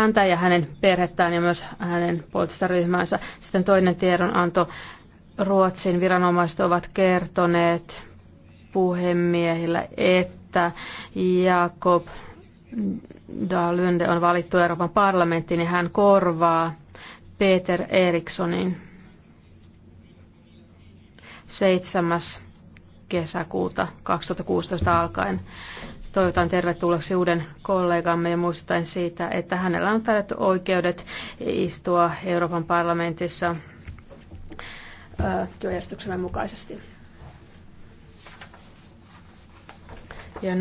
häntä ja hänen perhettään ja myös hänen poliittista ryhmäänsä. Sitten toinen tiedonanto. Ruotsin viranomaiset ovat kertoneet puhemiehillä, että Jakob Dalunde on valittu Euroopan parlamenttiin ja hän korvaa Peter Erikssonin 7. kesäkuuta 2016 alkaen. Toivotan tervetulleeksi uuden kollegamme ja muistutan siitä, että hänellä on tarjottu oikeudet istua Euroopan parlamentissa työjärjestyksemme mukaisesti.